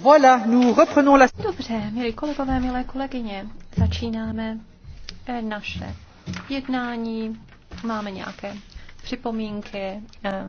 Voilà, nous reprenons la... Dobře, milí kolegové, milé kolegyně, začínáme eh, naše jednání. Máme nějaké připomínky. Eh,